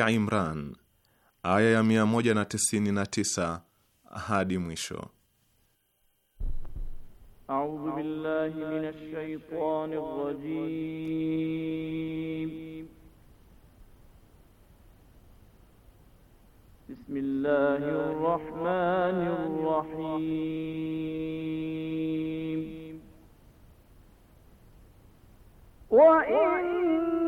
Ali Imran aya ya 199 hadi mwisho. A'udhu billahi minash shaitanir rajim. Bismillahir rahmanir rahim. Wa in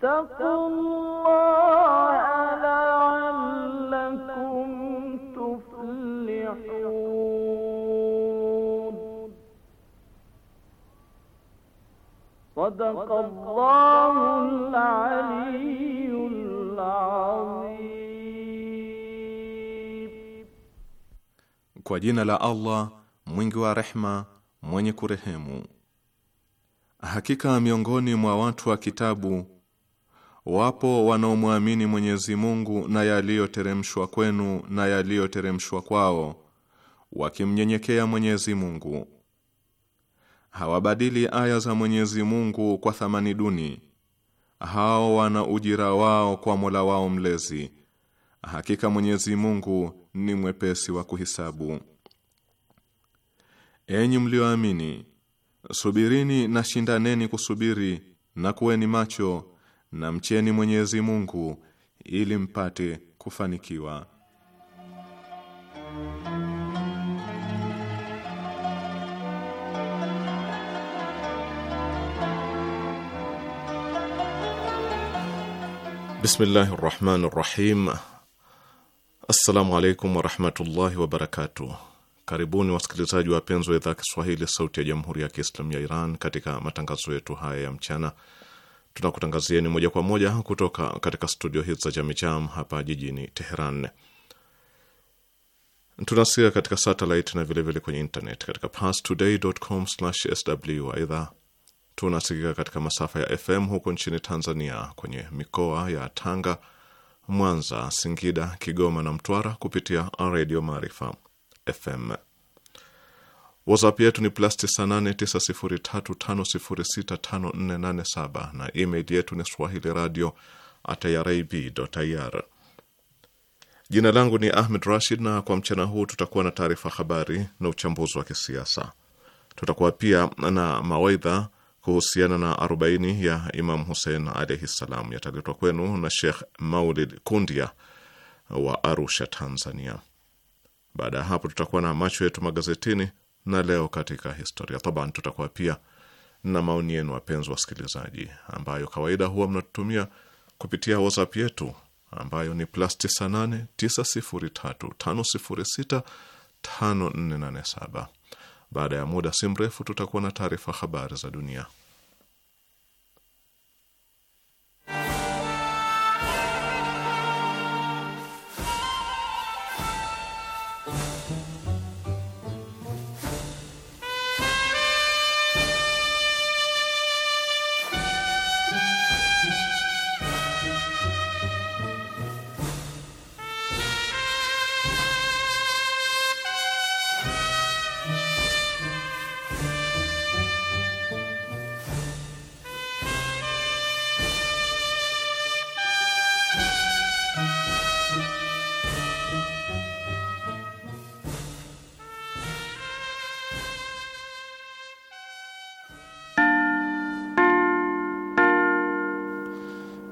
Kwa jina la Allah mwingi wa rehma mwenye kurehemu. Hakika miongoni mwa watu wa kitabu Wapo wanaomwamini Mwenyezi Mungu na yaliyoteremshwa kwenu na yaliyoteremshwa kwao, wakimnyenyekea Mwenyezi Mungu. Hawabadili aya za Mwenyezi Mungu kwa thamani duni. Hao wana ujira wao kwa Mola wao mlezi. Hakika Mwenyezi Mungu ni mwepesi wa kuhisabu. Enyi mlioamini, subirini na shindaneni kusubiri na kuweni macho na mcheni Mwenyezi Mungu ili mpate kufanikiwa. Bismillahi rahmani rahim. Assalamu alaikum warahmatullahi wabarakatuh. Karibuni wasikilizaji wapenzi wa idhaa Kiswahili sauti ya jamhuri ya Kiislamu ya Iran katika matangazo yetu haya ya mchana tunakutangazieni moja kwa moja kutoka katika studio hizi za Jamicham hapa jijini Teheran. Tunasikia katika satelit na vilevile vile kwenye internet katika parstoday.com/sw. Aidha, tunasikika katika masafa ya FM huko nchini Tanzania kwenye mikoa ya Tanga, Mwanza, Singida, Kigoma na Mtwara kupitia Radio Maarifa FM. WhatsApp yetu ni plus 989035065487 na email yetu ni swahili radio irib.ir. Jina langu ni Ahmed Rashid, na kwa mchana huu tutakuwa na taarifa habari na uchambuzi wa kisiasa. Tutakuwa pia na mawaidha kuhusiana na 40 ya Imam Hussein alaihi ssalam, yataletwa kwenu na shekh Maulid Kundia wa Arusha, Tanzania. Baada ya hapo, tutakuwa na macho yetu magazetini na leo katika historia. Taban tutakuwa pia na maoni yenu, wapenzi wasikilizaji, ambayo kawaida huwa mnatutumia kupitia WhatsApp yetu ambayo ni plus 98 903 506 5487. Baada ya muda si mrefu tutakuwa na taarifa habari za dunia.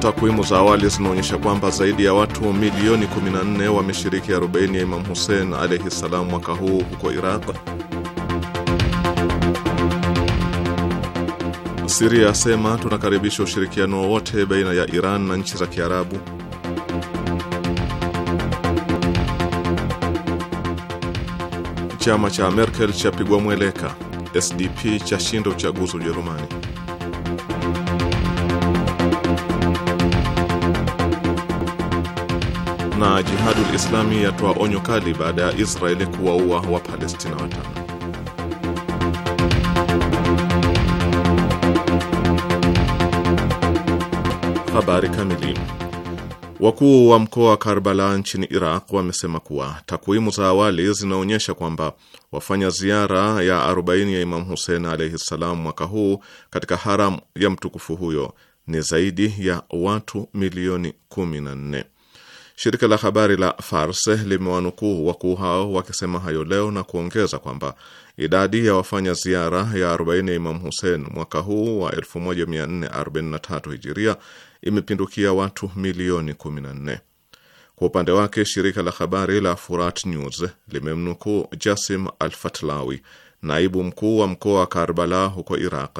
Takwimu za awali zinaonyesha kwamba zaidi ya watu milioni 14 wameshiriki arobaini ya Imam Hussein alaihi salam mwaka huu huko Iraq. Siria asema tunakaribisha ushirikiano wowote baina ya Iran na nchi za Kiarabu. Chama cha Merkel chapigwa mweleka, SDP chashinda uchaguzi Ujerumani. jihadu Jihadul Islami yatoa onyo kali baada ya Israeli kuwaua Wapalestina watano. Habari kamili. Wakuu wa mkoa wa Karbala nchini Iraq wamesema kuwa takwimu za awali zinaonyesha kwamba wafanya ziara ya 40 ya Imam husen alaihi ssalam mwaka huu katika haram ya mtukufu huyo ni zaidi ya watu milioni 14. Shirika la habari la Fars limewanukuu wakuu hao wakisema hayo leo na kuongeza kwamba idadi ya wafanya ziara ya 40 Imam Hussein mwaka huu wa 1443 hijiria imepindukia watu milioni 14. Kwa upande wake shirika la habari la Furat News limemnukuu Jasim Al Fatlawi, naibu mkuu wa mkoa wa Karbala huko Iraq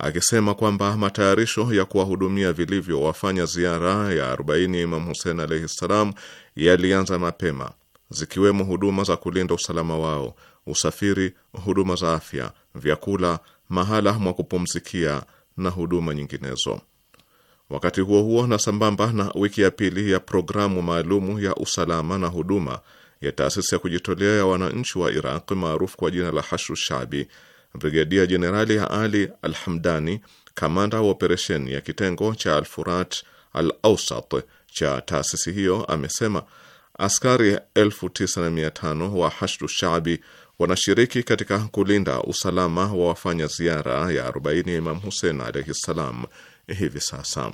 akisema kwamba matayarisho ya kuwahudumia vilivyo wafanya ziara ya 40 Imam Hussein alaihi ssalam yalianza mapema, zikiwemo huduma za kulinda usalama wao, usafiri, huduma za afya, vyakula, mahala mwa kupumzikia na huduma nyinginezo. Wakati huo huo, na sambamba na wiki ya pili ya programu maalumu ya usalama na huduma ya taasisi ya kujitolea ya wananchi wa Iraq maarufu kwa jina la Hashu Shabi Brigedia Jenerali Ali Alhamdani, kamanda wa operesheni ya kitengo cha Alfurat Al Ausat cha taasisi hiyo, amesema askari 95 wa Hashdu Shabi wanashiriki katika kulinda usalama wa wafanya ziara ya 40 ya Imam Hussein alaihi ssalam hivi sasa.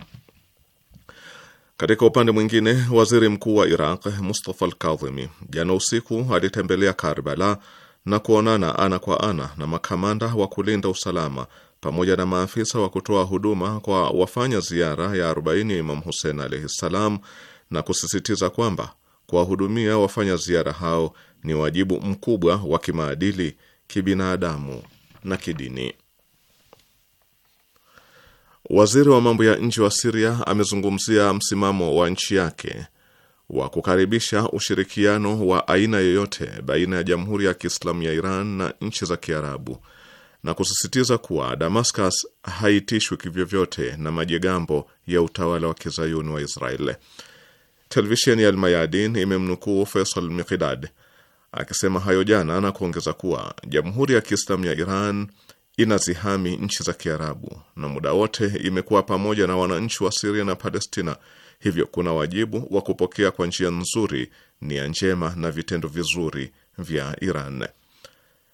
Katika upande mwingine, waziri mkuu wa Iraq Mustafa Alkadhimi jana usiku alitembelea Karbala na kuonana ana kwa ana na makamanda wa kulinda usalama pamoja na maafisa wa kutoa huduma kwa wafanya ziara ya 40 ya Imam Hussein alaihi ssalam, na kusisitiza kwamba kuwahudumia wafanya ziara hao ni wajibu mkubwa wa kimaadili, kibinadamu na kidini. Waziri wa mambo ya nje wa Siria amezungumzia msimamo wa nchi yake wa kukaribisha ushirikiano wa aina yoyote baina ya Jamhuri ya Kiislamu ya Iran na nchi za Kiarabu na kusisitiza kuwa Damascus haitishwi kivyovyote na majigambo ya utawala wa kizayuni wa Israeli. Televisheni ya Almayadin imemnukuu Faisal Miqdad akisema hayo jana na kuongeza kuwa Jamhuri ya Kiislamu ya Iran inazihami nchi za Kiarabu na muda wote imekuwa pamoja na wananchi wa Siria na Palestina Hivyo kuna wajibu wa kupokea kwa njia nzuri nia njema na vitendo vizuri vya Iran.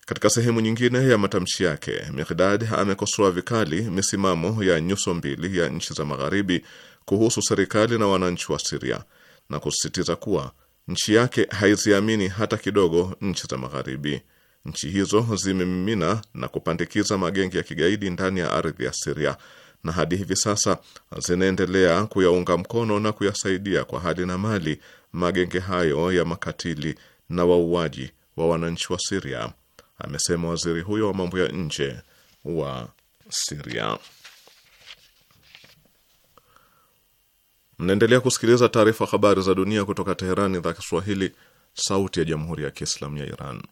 Katika sehemu nyingine ya matamshi yake, Mikdad amekosoa vikali misimamo ya nyuso mbili ya nchi za Magharibi kuhusu serikali na wananchi wa Siria na kusisitiza kuwa nchi yake haiziamini hata kidogo nchi za Magharibi. Nchi hizo zimemimina na kupandikiza magenge ya kigaidi ndani ya ardhi ya Siria na hadi hivi sasa zinaendelea kuyaunga mkono na kuyasaidia kwa hali na mali magenge hayo ya makatili na wauaji wa wananchi wa Siria, amesema waziri huyo wa mambo ya nje wa Siria. Mnaendelea kusikiliza taarifa habari za dunia kutoka Teherani, idhaa Kiswahili, sauti ya jamhuri ya kiislamu ya Iran.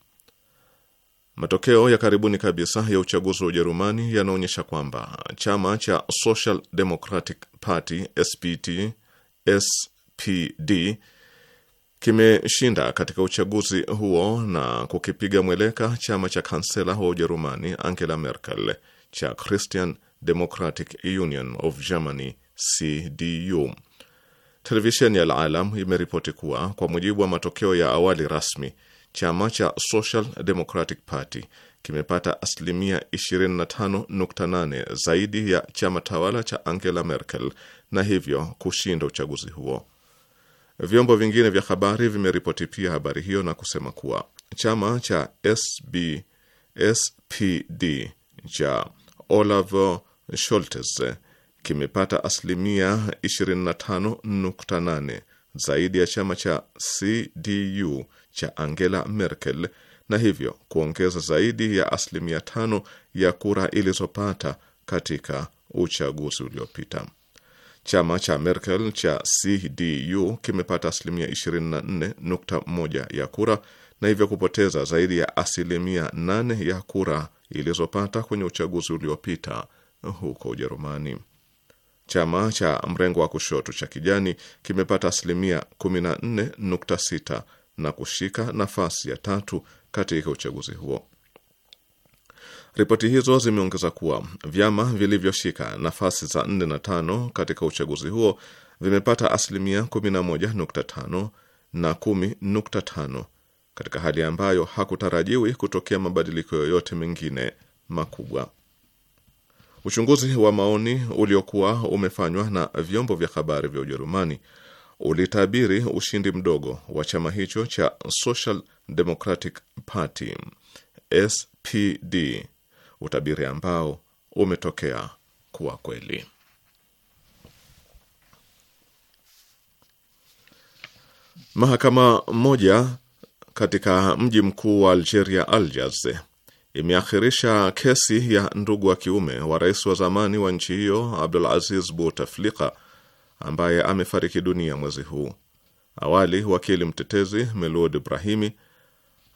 Matokeo ya karibuni kabisa ya uchaguzi wa Ujerumani yanaonyesha kwamba chama cha Social Democratic Party SPT SPD kimeshinda katika uchaguzi huo na kukipiga mweleka chama cha kansela wa Ujerumani Angela Merkel cha Christian Democratic Union of Germany CDU. Televisheni ya alalam imeripoti kuwa kwa mujibu wa matokeo ya awali rasmi chama cha Social Democratic Party kimepata asilimia 25.8 zaidi ya chama tawala cha Angela Merkel na hivyo kushinda uchaguzi huo. Vyombo vingine vya habari vimeripoti pia habari hiyo na kusema kuwa chama cha SB, SPD cha Olaf Scholz kimepata asilimia 25.8 zaidi ya chama cha CDU cha Angela Merkel na hivyo kuongeza zaidi ya asilimia tano ya kura ilizopata katika uchaguzi uliopita. Chama cha Merkel cha CDU kimepata asilimia 24.1 ya kura na hivyo kupoteza zaidi ya asilimia 8 ya kura ilizopata kwenye uchaguzi uliopita huko Ujerumani. Chama cha mrengo wa kushoto cha kijani kimepata asilimia 14.6 na kushika nafasi ya tatu katika uchaguzi huo. Ripoti hizo zimeongeza kuwa vyama vilivyoshika nafasi za 4 na 5 katika uchaguzi huo vimepata asilimia 11.5 na 10.5 katika hali ambayo hakutarajiwi kutokea mabadiliko yoyote mengine makubwa. Uchunguzi wa maoni uliokuwa umefanywa na vyombo vya habari vya Ujerumani ulitabiri ushindi mdogo wa chama hicho cha Social Democratic Party SPD, utabiri ambao umetokea kuwa kweli. Mahakama moja katika mji mkuu wa Algeria, Algiers, imeakhirisha kesi ya ndugu wa kiume wa rais wa zamani wa nchi hiyo Abdul Aziz Buteflika ambaye amefariki dunia mwezi huu. Awali wakili mtetezi Melod Ibrahimi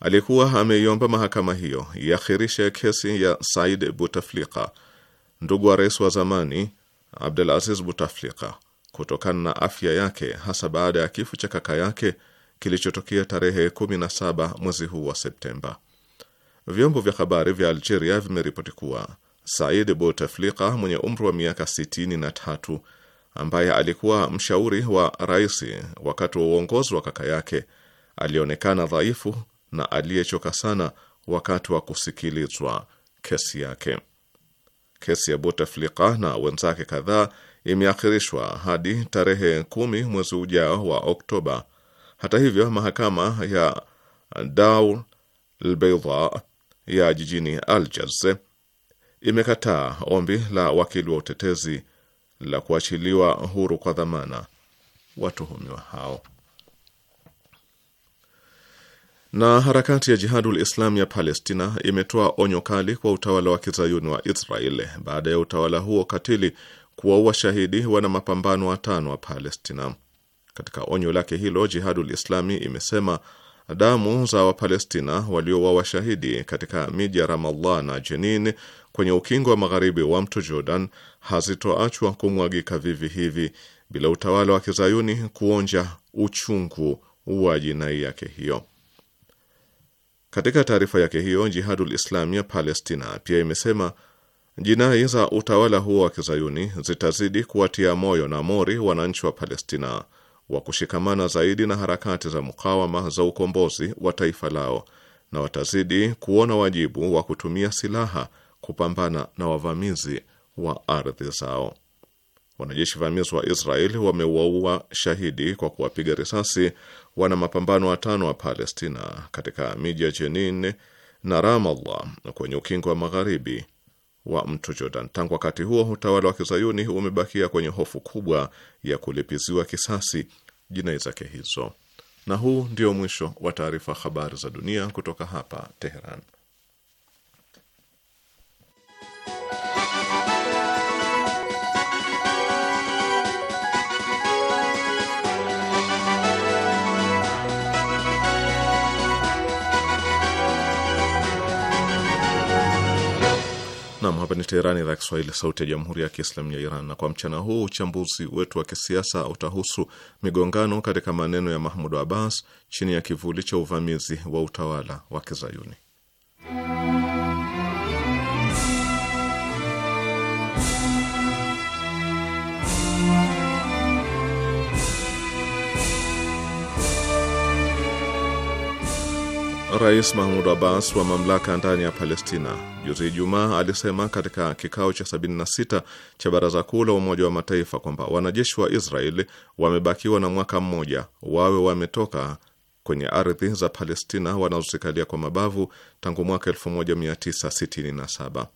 alikuwa ameiomba mahakama hiyo iakhirishe kesi ya Said Buteflika, ndugu wa rais wa zamani Abdul Aziz Buteflika, kutokana na afya yake, hasa baada ya kifo cha kaka yake kilichotokea tarehe 17 mwezi huu wa Septemba. Vyombo vya habari vya Algeria vimeripoti kuwa Said Bouteflika mwenye umri wa miaka sitini na tatu ambaye alikuwa mshauri wa rais wakati wa uongozi wa kaka yake alionekana dhaifu na aliyechoka sana wakati wa kusikilizwa kesi yake. Kesi ya Bouteflika na wenzake kadhaa imeakhirishwa hadi tarehe kumi mwezi ujao wa Oktoba. Hata hivyo, mahakama ya Daul al ya jijini Algiers imekataa ombi la wakili wa utetezi la kuachiliwa huru kwa dhamana watuhumiwa hao. Na harakati ya Jihadul Islam ya Palestina imetoa onyo kali kwa utawala wa kizayuni wa israel baada ya utawala huo katili kuwaua shahidi wana mapambano watano wa Palestina. Katika onyo lake hilo, Jihadul Islami imesema damu za Wapalestina waliowa washahidi katika miji ya Ramallah na Jenin kwenye ukingo wa magharibi wa mto Jordan hazitoachwa kumwagika vivi hivi bila utawala wa kizayuni kuonja uchungu wa jinai yake hiyo. Katika taarifa yake hiyo, Jihadul Islami ya Palestina pia imesema jinai za utawala huo wa kizayuni zitazidi kuwatia moyo na mori wananchi wa Palestina wa kushikamana zaidi na harakati za mukawama za ukombozi wa taifa lao na watazidi kuona wajibu wa kutumia silaha kupambana na wavamizi wa ardhi zao. Wanajeshi vamizi wa Israeli wameuaua shahidi kwa kuwapiga risasi wana mapambano watano wa Palestina katika miji ya Jenin na Ramallah kwenye ukingo wa magharibi wa mto Jordan. Tangu wakati huo, utawala wa kizayuni umebakia kwenye hofu kubwa ya kulipiziwa kisasi jinai zake hizo. Na huu ndio mwisho wa taarifa habari za dunia kutoka hapa Teheran. Nam, hapa ni Teherani, idhaa Kiswahili, sauti ya jamhuri ya kiislamu ya Iran. Na kwa mchana huu uchambuzi wetu wa kisiasa utahusu migongano katika maneno ya Mahmud Abbas chini ya kivuli cha uvamizi wa utawala wa Kizayuni. Rais Mahmud Abbas wa mamlaka ndani ya Palestina juzi Ijumaa alisema katika kikao cha 76 cha Baraza Kuu la Umoja wa Mataifa kwamba wanajeshi wa Israeli wamebakiwa na mwaka mmoja wawe wametoka kwenye ardhi za Palestina wanazozikalia kwa mabavu tangu mwaka 1967.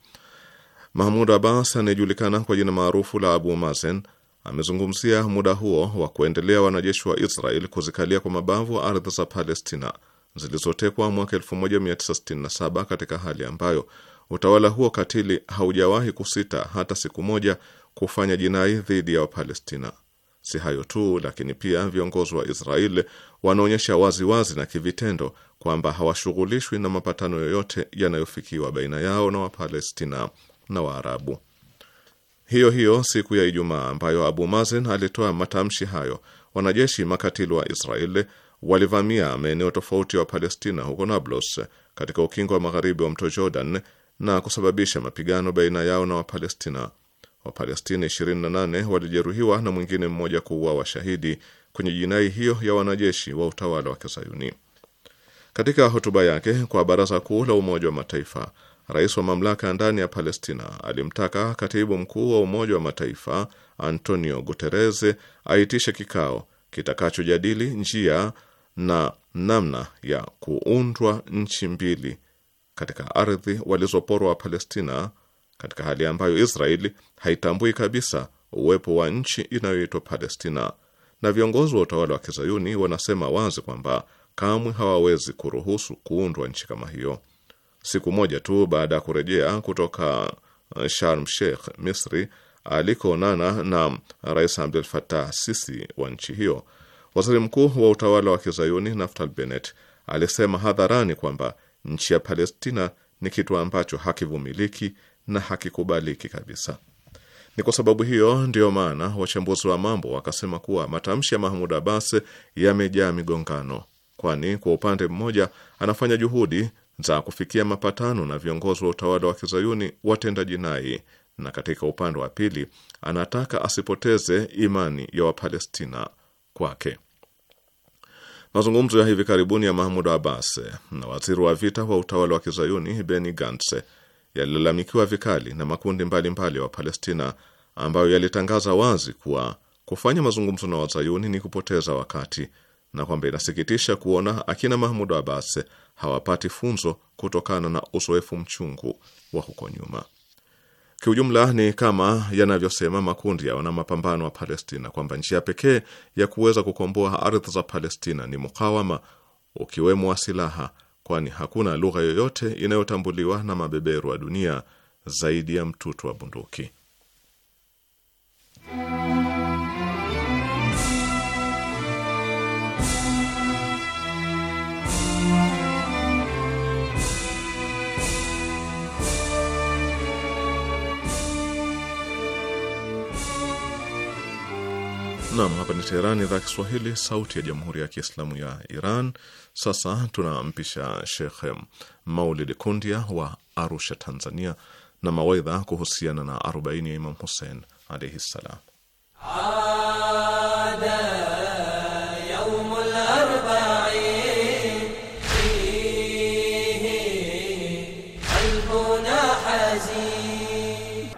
Mahmud Abbas anayejulikana kwa jina maarufu la Abu Mazen amezungumzia muda huo wa kuendelea wanajeshi wa Israel kuzikalia kwa mabavu ardhi za Palestina zilizotekwa mwaka 1967 katika hali ambayo utawala huo katili haujawahi kusita hata siku moja kufanya jinai dhidi ya Wapalestina. Si hayo tu, lakini pia viongozi wa Israeli wanaonyesha waziwazi na kivitendo kwamba hawashughulishwi na mapatano yoyote yanayofikiwa baina yao na Wapalestina na Waarabu. Hiyo hiyo siku ya Ijumaa ambayo Abu Mazen alitoa matamshi hayo, wanajeshi makatili wa Israeli walivamia maeneo tofauti ya palestina huko Nablus katika ukingo wa magharibi wa mto Jordan na kusababisha mapigano baina yao na Wapalestina. Wapalestina 28 walijeruhiwa na mwingine mmoja kuuawa shahidi kwenye jinai hiyo ya wanajeshi wa utawala wa Kizayuni. Katika hotuba yake kwa Baraza Kuu la Umoja wa Mataifa, rais wa mamlaka ndani ya Palestina alimtaka katibu mkuu wa Umoja wa Mataifa Antonio Guterres aitishe kikao kitakachojadili njia na namna ya kuundwa nchi mbili katika ardhi walizoporwa Palestina, katika hali ambayo Israeli haitambui kabisa uwepo wa nchi inayoitwa Palestina, na viongozi wa utawala wa kizayuni wanasema wazi kwamba kamwe hawawezi kuruhusu kuundwa nchi kama hiyo. Siku moja tu baada ya kurejea kutoka uh, Sharm Sheikh, Misri, alikoonana na Rais Abdel Fattah Sisi wa nchi hiyo Waziri mkuu wa utawala wa kizayuni Naftali Bennett alisema hadharani kwamba nchi ya Palestina ni kitu ambacho hakivumiliki na hakikubaliki kabisa. Ni kwa sababu hiyo ndiyo maana wachambuzi wa mambo wakasema kuwa matamshi ya Mahmud Abbas yamejaa migongano, kwani kwa upande mmoja anafanya juhudi za kufikia mapatano na viongozi wa utawala wa kizayuni watenda jinai, na katika upande wa pili anataka asipoteze imani ya Wapalestina kwake. Mazungumzo ya hivi karibuni ya Mahmud Abbas na waziri wa vita wa utawala wa kizayuni Beni Gantz yalilalamikiwa vikali na makundi mbalimbali mbali ya Wapalestina ambayo yalitangaza wazi kuwa kufanya mazungumzo na wazayuni ni kupoteza wakati na kwamba inasikitisha kuona akina Mahmud Abbas hawapati funzo kutokana na uzoefu mchungu wa huko nyuma. Kiujumla ni kama yanavyosema makundi ya mapambano wa Palestina kwamba njia pekee ya kuweza kukomboa ardhi za Palestina ni mukawama, ukiwemo wa silaha, kwani hakuna lugha yoyote inayotambuliwa na mabeberu wa dunia zaidi ya mtutu wa bunduki. Nam, hapa ni Teherani, idhaa Kiswahili, sauti ya jamhuri ya kiislamu ya Iran. Sasa tunampisha Shekhe Maulid Kundia wa Arusha, Tanzania, na mawaidha kuhusiana na arobaini ya Imam Husein alaihi ssalam.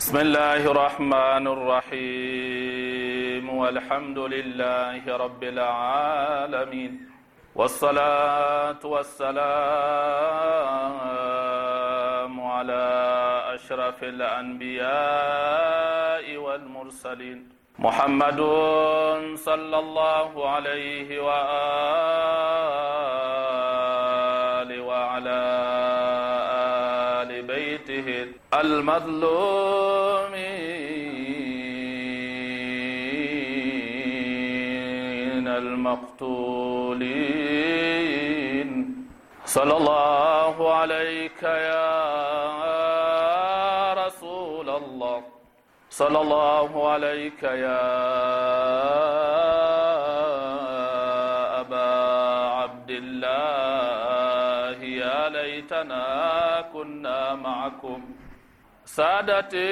بسم الله الرحمن الرحيم والحمد لله رب العالمين والصلاة والسلام على أشرف الأنبياء والمرسلين محمد صلى الله عليه وآله وعلى المظلومين المقتولين صلى الله عليك يا رسول الله صلى الله عليك يا sadati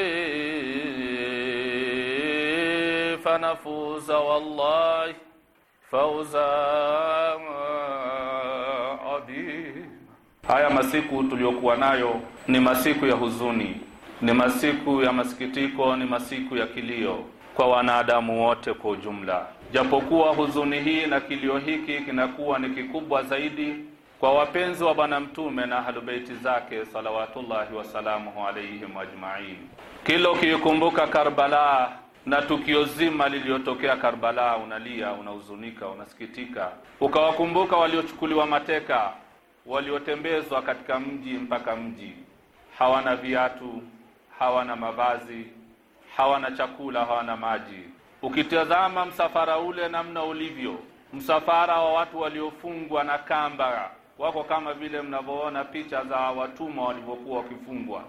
fanafuza wallahi fauza adhim Haya masiku tuliyokuwa nayo ni masiku ya huzuni, ni masiku ya masikitiko, ni masiku ya kilio kwa wanadamu wote kwa ujumla, japokuwa huzuni hii na kilio hiki kinakuwa ni kikubwa zaidi kwa wapenzi wa Bwana Mtume na ahlubeiti zake salawatullahi wasalamuhu alaihim ajmain. Kila ukiikumbuka Karbala na tukio zima liliyotokea Karbala, unalia, unahuzunika, unasikitika, ukawakumbuka waliochukuliwa mateka, waliotembezwa katika mji mpaka mji, hawana viatu, hawana mavazi, hawana chakula, hawana maji. Ukitazama msafara ule namna ulivyo, msafara wa watu waliofungwa na kamba wako kama vile mnavyoona picha za watumwa walivyokuwa wakifungwa.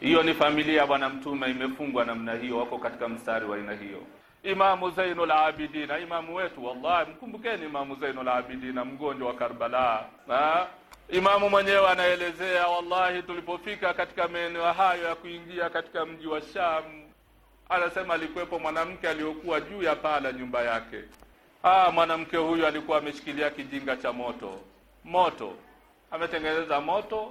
Hiyo ni familia ya Bwana Mtume imefungwa namna hiyo, wako katika mstari wa aina hiyo. Imamu Zainul Abidin, imamu wetu, wallahi mkumbukeni Imamu Zainul Abidin, mgonjwa wa Karbala. Ha? Imamu mwenyewe anaelezea, wallahi tulipofika katika maeneo hayo ya kuingia katika mji wa Sham, anasema alikuwepo mwanamke aliyokuwa juu ya paa la nyumba yake. Ah, mwanamke huyu alikuwa ameshikilia kijinga cha moto moto ametengeneza moto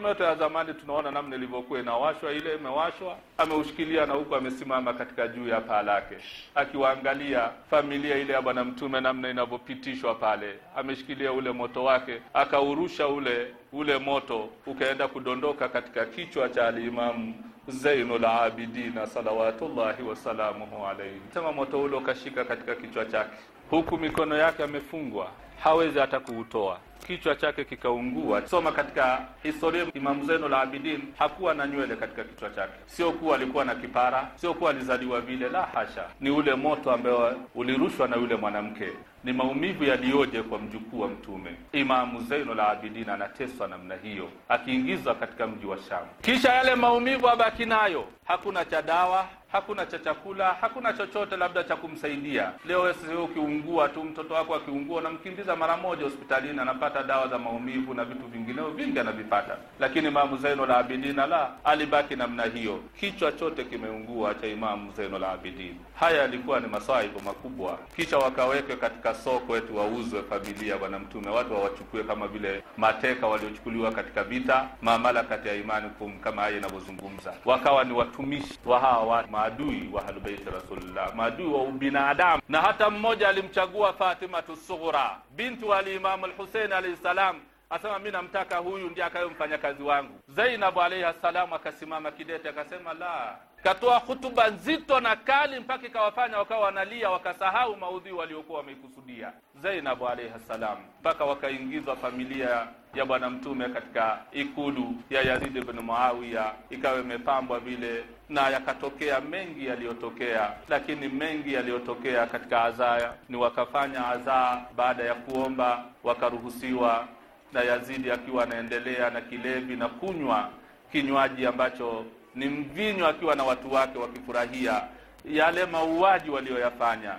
moto ya zamani, tunaona namna ilivyokuwa inawashwa, ile imewashwa, ameushikilia na huku amesimama katika juu ya paa lake, akiwaangalia familia ile ya Bwana Mtume namna inavyopitishwa pale, ameshikilia ule moto wake, akaurusha ule ule moto ukaenda kudondoka katika kichwa cha alimamu Zainul Abidin salawatullahi wasalamuhu alayhi. Sema moto ule ukashika katika kichwa chake, huku mikono yake amefungwa, hawezi hata kuutoa kichwa chake kikaungua. Soma katika historia, Imamu la Abidin hakuwa na nywele katika kichwa chake, sio kuwa alikuwa na kipara, sio kuwa alizaliwa vile, la hasha. Ni ule moto ambao ulirushwa na yule mwanamke. Ni maumivu yaliyoje kwa mjukuu wa Mtume. Imamu la Abidin anateswa namna hiyo, akiingizwa katika mji wa Shamu, kisha yale maumivu abaki nayo, hakuna cha dawa hakuna cha chakula, hakuna chochote labda cha kumsaidia. Leo sio ukiungua tu, mtoto wako akiungua unamkimbiza mara moja hospitalini, anapata dawa za maumivu na vitu vingineo vingi anavipata. Lakini Imamu la Abidin la alibaki namna hiyo, kichwa chote kimeungua cha Imamu la Abidin. Haya yalikuwa ni masaibu makubwa, kisha wakawekwe katika soko eti wauzwe. Familia Bwana Mtume watu wawachukue kama vile mateka waliochukuliwa katika vita, maamala kati ya imani kum, kama haya inavyozungumza, wakawa ni watumishi wa hawa watu maadui wa ahlubeiti rasulillah, maadui wa ubinadamu. Na hata mmoja alimchagua Fatimatu Sughra bintu alimamu lhuseini alaihi ssalam asema mi namtaka huyu ndiye akawe mfanyakazi wangu. Zainabu alaihi salam akasimama kidete akasema la katoa hutuba nzito na kali mpaka ikawafanya wakawa wanalia, wakasahau maudhii waliokuwa wameikusudia. Zainabu alaihi salam, mpaka wakaingizwa familia ya Bwana Mtume katika ikulu ya Yazid ibn Muawiya ikawa imepambwa vile, na yakatokea mengi yaliyotokea, lakini mengi yaliyotokea katika azaa ni wakafanya azaa baada ya kuomba wakaruhusiwa, na Yazidi akiwa anaendelea na kilevi na kunywa kinywaji ambacho ni mvinyo, akiwa na watu wake wakifurahia yale mauaji waliyoyafanya.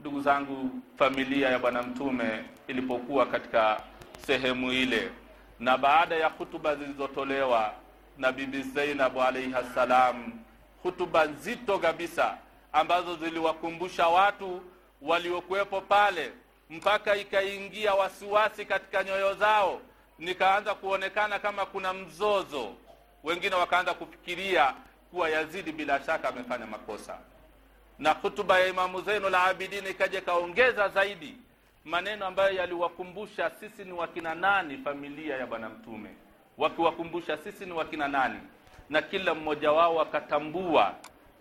Ndugu zangu, familia ya Bwana Mtume ilipokuwa katika sehemu ile na baada ya hutuba zilizotolewa na Bibi Zainabu alaihi ssalam, hutuba nzito kabisa ambazo ziliwakumbusha watu waliokuwepo pale, mpaka ikaingia wasiwasi katika nyoyo zao, nikaanza kuonekana kama kuna mzozo. Wengine wakaanza kufikiria kuwa Yazidi bila shaka amefanya makosa, na hutuba ya Imamu Zainul Abidin ikaja ikaongeza zaidi maneno ambayo yaliwakumbusha sisi ni wakina nani familia ya bwana mtume wakiwakumbusha sisi ni wakina nani na kila mmoja wao akatambua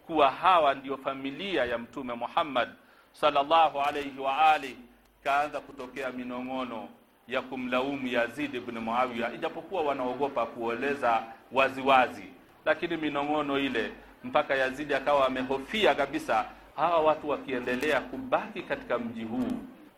kuwa hawa ndiyo familia ya mtume Muhammad sallallahu alayhi wa ali kaanza kutokea minong'ono ya kumlaumu Yazid ibn Muawiya ijapokuwa wanaogopa kueleza waziwazi lakini minong'ono ile mpaka Yazidi akawa amehofia kabisa hawa watu wakiendelea kubaki katika mji huu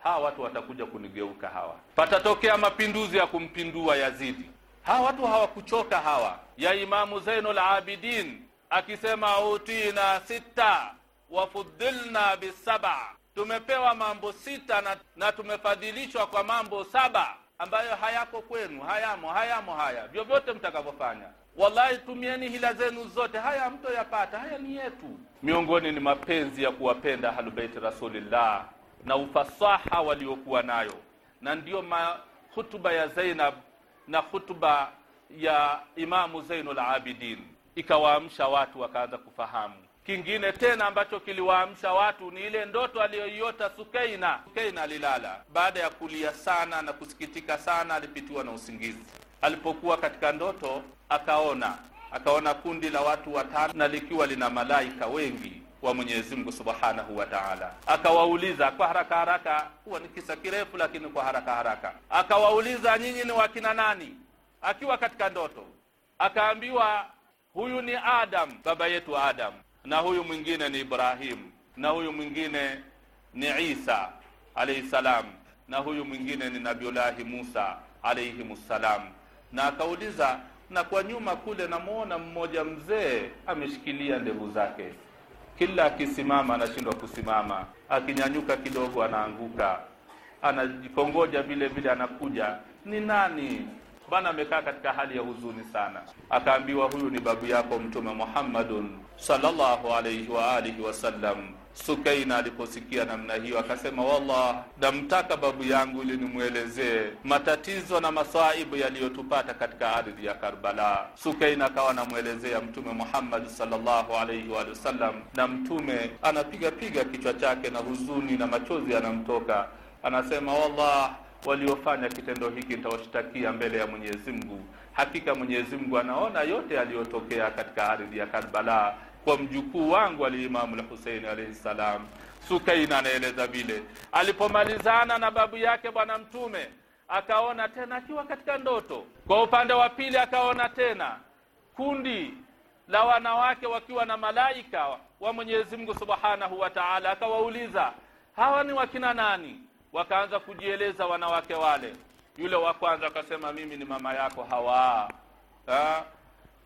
hawa watu watakuja kunigeuka hawa. Patatokea mapinduzi ya kumpindua Yazidi. Hawa watu hawakuchoka hawa, ya Imamu Zainul Abidin akisema utina sita wafuddilna bisaba, tumepewa mambo sita na, na tumefadhilishwa kwa mambo saba ambayo hayako kwenu, hayamo hayamo haya, vyovyote mtakavyofanya Wallahi, tumieni hila zenu zote, haya mtoyapata, haya ni yetu. Miongoni ni mapenzi ya kuwapenda Ahlubeiti Rasulillah na ufasaha waliokuwa nayo, na ndiyo hutuba ya Zainab na hutuba ya Imamu Zainul Abidin ikawaamsha watu wakaanza kufahamu. Kingine tena ambacho kiliwaamsha watu ni ile ndoto aliyoiota Sukaina. Sukaina alilala baada ya kulia sana na kusikitika sana, alipitiwa na usingizi. Alipokuwa katika ndoto, akaona akaona kundi la watu watano na likiwa lina malaika wengi wa Mwenyezi Mungu Subhanahu wa Ta'ala. Akawauliza kwa haraka haraka, huwa ni kisa kirefu, lakini kwa haraka haraka akawauliza, nyinyi ni wakina nani? Akiwa katika ndoto akaambiwa, huyu ni Adam, baba yetu Adam, na huyu mwingine ni Ibrahim, na huyu mwingine ni Isa alayhi salam, na huyu mwingine ni Nabiullahi Musa alayhi salam. Na akauliza, na kwa nyuma kule namuona mmoja mzee ameshikilia ndevu zake kila akisimama anashindwa kusimama, akinyanyuka kidogo anaanguka, anajikongoja vile vile anakuja. Ni nani bana? Amekaa katika hali ya huzuni sana, akaambiwa huyu ni babu yako Mtume Muhammadun sallallahu alaihi wa alihi wasallam Sukaina aliposikia namna hiyo akasema, wallah, namtaka babu yangu ili nimwelezee matatizo na masaibu yaliyotupata katika ardhi ya Karbala. Sukaina akawa anamwelezea Mtume Muhammad sallallahu alaihi wa sallam, na Mtume anapigapiga kichwa chake na huzuni na machozi yanamtoka, anasema, wallah, waliofanya kitendo hiki nitawashtakia mbele ya Mwenyezi Mungu. Hakika Mwenyezi Mungu anaona yote yaliyotokea katika ardhi ya Karbala kwa mjukuu wangu alimamu Al-Hussein alayhi salam. Sukaina anaeleza vile alipomalizana na babu yake Bwana Mtume akaona tena akiwa katika ndoto. Kwa upande wa pili akaona tena kundi la wanawake wakiwa na malaika wa Mwenyezi Mungu Subhanahu wa Ta'ala, akawauliza hawa ni wakina nani? Wakaanza kujieleza wanawake wale. Yule wa kwanza akasema mimi ni mama yako Hawa ha?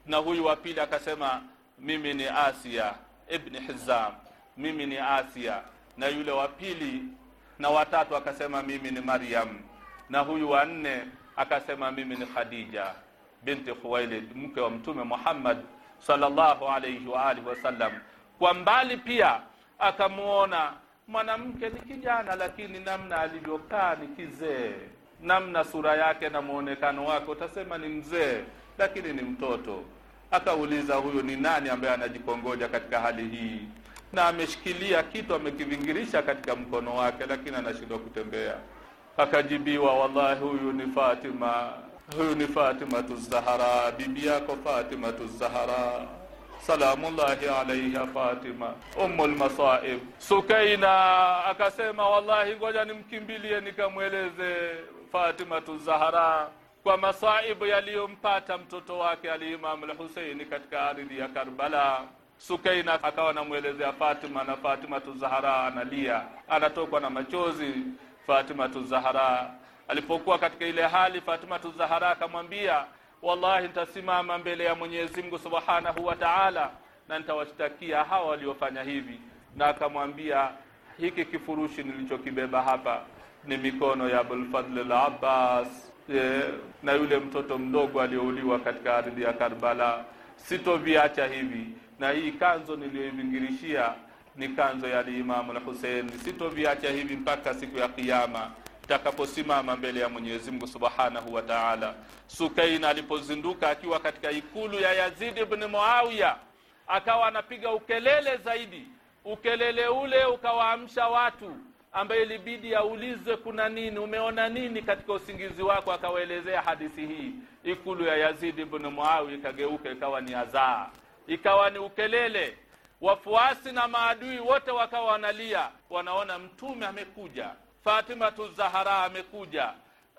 na huyu wa pili akasema mimi ni Asia ibn Hizam, mimi ni Asia, na yule wa pili na watatu akasema mimi ni Maryam, na huyu wa nne akasema mimi ni Khadija binti Khuwailid, mke wa Mtume Muhammad sallallahu alayhi wa alihi wasallam. Kwa mbali pia akamuona mwanamke ni kijana, lakini namna alivyokaa ni kizee, namna sura yake na muonekano wake utasema ni mzee, lakini ni mtoto. Akauliza, huyu ni nani ambaye anajikongoja katika hali hii na ameshikilia kitu amekivingirisha katika mkono wake, lakini anashindwa kutembea? Akajibiwa, wallahi, huyu ni Fatima, huyu ni Fatimatu Zahara, bibi yako Fatimatu Zahara Salamullahi alaiha Fatima ummul masaib. Sukaina akasema, wallahi, ngoja nimkimbilie nikamweleze Fatimatu Zahara kwa masaibu yaliyompata mtoto wake alimamu lhuseini katika ardhi ya Karbala. Sukaina akawa anamwelezea Fatima na Fatima Zahara analia, anatokwa na machozi. Fatima Zahara alipokuwa katika ile hali, Fatima Zahara akamwambia, wallahi nitasimama mbele ya Mwenyezi Mungu Subhanahu wa Ta'ala na nitawashtakia hawa waliofanya hivi, na akamwambia hiki kifurushi nilichokibeba hapa ni mikono ya abulfadli labbas e, na yule mtoto mdogo aliyouliwa katika ardhi ya Karbala. Sitoviacha hivi, na hii kanzo niliyoivingirishia ni kanzo ya Alimamu Al-Hussein. Sitoviacha hivi mpaka siku ya Kiyama takaposimama mbele ya Mwenyezi Mungu Subhanahu wa Ta'ala. Sukain alipozinduka akiwa katika ikulu ya Yazid ibn Muawiya, akawa anapiga ukelele zaidi. Ukelele ule ukawaamsha watu ambaye ilibidi aulizwe kuna nini, umeona nini katika usingizi wako, akawaelezea hadithi hii. Ikulu ya Yazid ibn Muawi ikageuka ikawa ni azaa, ikawa ni ukelele, wafuasi na maadui wote wakawa wanalia, wanaona mtume amekuja, Fatimatu Zahara amekuja,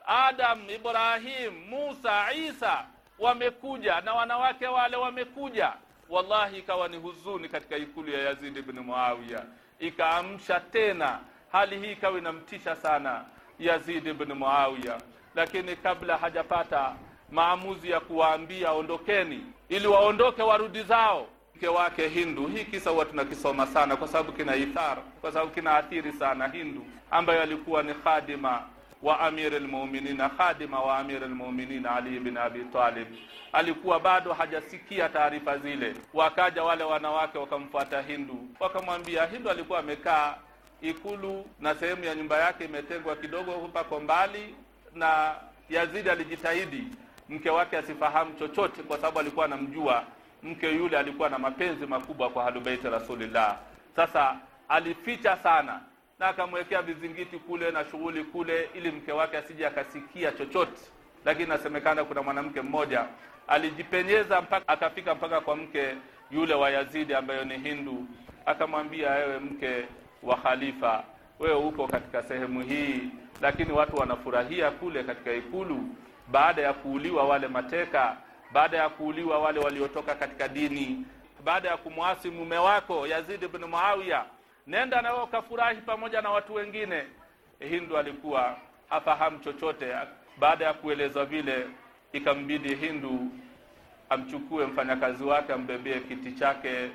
Adam, Ibrahim, Musa, Isa wamekuja na wanawake wale wamekuja. Wallahi, ikawa ni huzuni katika ikulu ya Yazid ibn Muawiya, ikaamsha tena Hali hii ikawa inamtisha sana Yazid ibn Muawiya, lakini kabla hajapata maamuzi ya kuwaambia ondokeni, ili waondoke warudi zao, mke wake Hindu. Hii kisa huwa tunakisoma sana kwa sababu kina ithar, kwa sababu kinaathiri sana. Hindu ambayo alikuwa ni khadima wa amir almu'minina, khadima wa amir almu'minina Ali ibn Abi Talib, alikuwa bado hajasikia taarifa zile. Wakaja wale wanawake wakamfuata Hindu, wakamwambia. Hindu alikuwa amekaa Ikulu na sehemu ya nyumba yake imetengwa kidogo pako mbali, na Yazidi alijitahidi mke wake asifahamu chochote, kwa sababu alikuwa anamjua mke yule, alikuwa na mapenzi makubwa kwa Ahlubeiti Rasulillah. Sasa alificha sana na akamwekea vizingiti kule na shughuli kule, ili mke wake asije akasikia chochote. Lakini nasemekana kuna mwanamke mmoja alijipenyeza mpaka akafika mpaka kwa mke yule wa Yazidi ambayo ni Hindu, akamwambia, ewe mke wa khalifa. Wewe upo katika sehemu hii, lakini watu wanafurahia kule katika ikulu, baada ya kuuliwa wale mateka, baada ya kuuliwa wale waliotoka katika dini, baada ya kumwasi mume wako Yazid ibn Muawiya, nenda na wewe ukafurahi pamoja na watu wengine. Hindu alikuwa afahamu chochote. Baada ya kuelezwa vile, ikambidi Hindu amchukue mfanyakazi wake ambebee kiti chake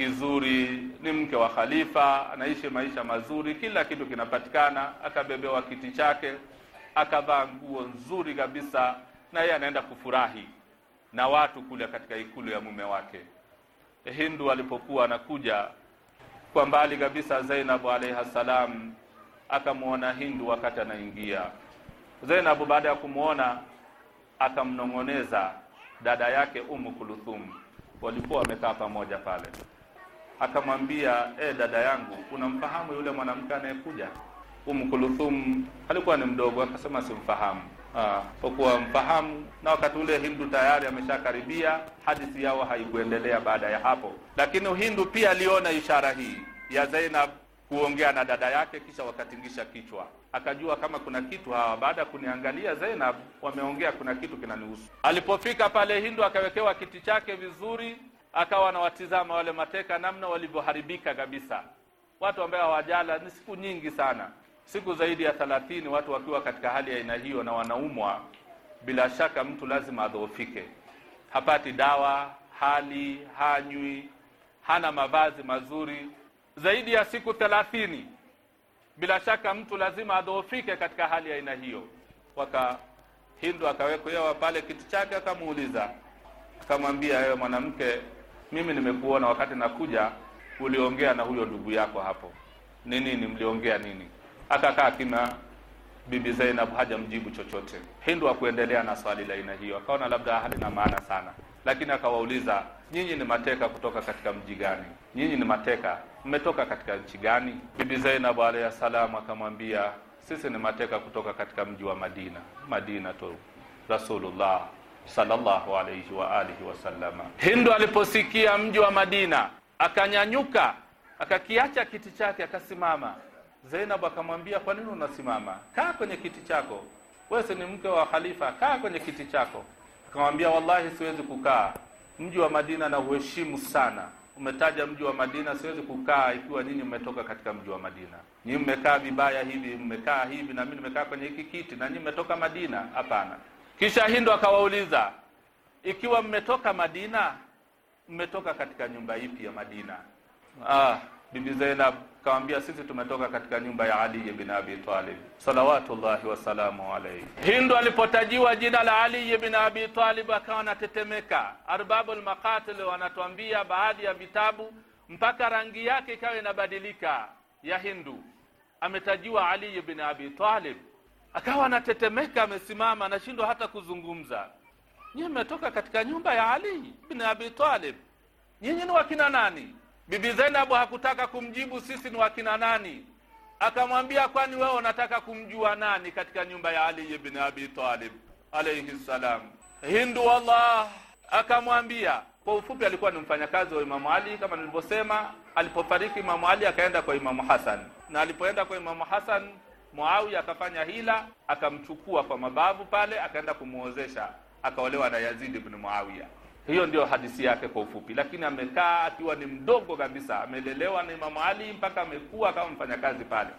kizuri, ni mke wa khalifa, anaishi maisha mazuri, kila kitu kinapatikana. Akabebewa kiti chake, akavaa nguo nzuri kabisa, na yeye anaenda kufurahi na watu kule katika ikulu ya mume wake. Hindu alipokuwa anakuja kwa mbali kabisa, Zainabu alaihi salam akamwona Hindu wakati anaingia. Zainabu baada ya kumwona akamnong'oneza dada yake Umu Kuluthum, walikuwa wamekaa pamoja pale akamwambia e, dada yangu, unamfahamu yule mwanamke anayekuja? Umu alikuwa ni mdogo, akasema simfahamu. Ah, pokuwa mfahamu, na wakati ule Hindu tayari ameshakaribia. Hadithi yao haikuendelea baada ya hapo, lakini Hindu pia aliona ishara hii ya Zainab kuongea na dada yake, kisha wakatingisha kichwa, akajua kama kuna kitu hawa. Baada ya kuniangalia Zainab wameongea, kuna kitu kinanihusu. Alipofika pale Hindu akawekewa kiti chake vizuri akawa anawatizama wale mateka namna walivyoharibika kabisa, watu ambao hawajala ni siku nyingi sana, siku zaidi ya thelathini, watu wakiwa katika hali ya aina hiyo na wanaumwa, bila shaka mtu lazima adhoofike, hapati dawa, hali hanywi, hana mavazi mazuri, zaidi ya siku thelathini, bila shaka mtu lazima adhoofike katika hali ya aina hiyo. Waka Hindu akawekewa pale kitu chake, akamuuliza akamwambia, ewe mwanamke mimi nimekuona wakati nakuja, uliongea na huyo ndugu yako hapo, ni nini mliongea nini? Akakaa kima Bibi Zainab hajamjibu chochote. Hindu akuendelea na swali la aina hiyo, akaona labda halina maana sana, lakini akawauliza, nyinyi ni mateka kutoka katika mji gani? Nyinyi ni mateka, mmetoka katika nchi gani? Bibi Zainab alaihi salam akamwambia, sisi ni mateka kutoka katika mji wa Madina, Madina tu Rasulullah sallallahu alayhi wa alihi wasallama. Hindu aliposikia mji wa Madina akanyanyuka, akakiacha kiti chake akasimama. Zainab akamwambia, kwa nini unasimama? Kaa kwenye kiti chako, wewe ni mke wa khalifa, kaa kwenye kiti chako. Akamwambia, wallahi siwezi kukaa, mji wa Madina na uheshimu sana umetaja mji wa Madina, siwezi kukaa ikiwa nyinyi mmetoka katika mji wa Madina. Nyinyi mmekaa vibaya hivi, mmekaa hivi, na mimi nimekaa kwenye hiki kiti, na nyinyi mmetoka Madina. Hapana. Kisha Hindu akawauliza, ikiwa mmetoka Madina, mmetoka katika nyumba ipi ya Madina? Ah, Bibi Zainab kawambia, sisi tumetoka katika nyumba ya Ali bin Abi Talib salawatullahi wasalamu alaihi. Hindu alipotajiwa jina la Ali bin Abi Talib akawa anatetemeka. Arbabu lmaqatil wanatuambia baadhi ya vitabu mpaka rangi yake ikawa inabadilika ya Hindu, ametajiwa Ali bin Abi Talib akawa anatetemeka, amesimama, anashindwa hata kuzungumza. Nyinyi mmetoka katika nyumba ya Ali bin Abi Talib, nyinyi ni wakina nani? Bibi Zainabu hakutaka kumjibu, sisi ni wakina nani? Akamwambia, kwani wewe unataka kumjua nani katika nyumba ya Ali bin Abi Talib alaihi ssalam? Hindu wallah akamwambia kwa ufupi, alikuwa ni mfanyakazi wa Imamu Ali kama nilivyosema. Alipofariki Imamu Ali akaenda kwa Imamu Hasan, na alipoenda kwa Imamu Hasan Muawiya akafanya hila, akamchukua kwa mabavu pale, akaenda kumuozesha, akaolewa na Yazid ibn Muawiya. Hiyo ndio hadithi yake kwa ufupi, lakini amekaa akiwa ni mdogo kabisa, amelelewa na Imamu Ali mpaka amekuwa kama mfanyakazi pale.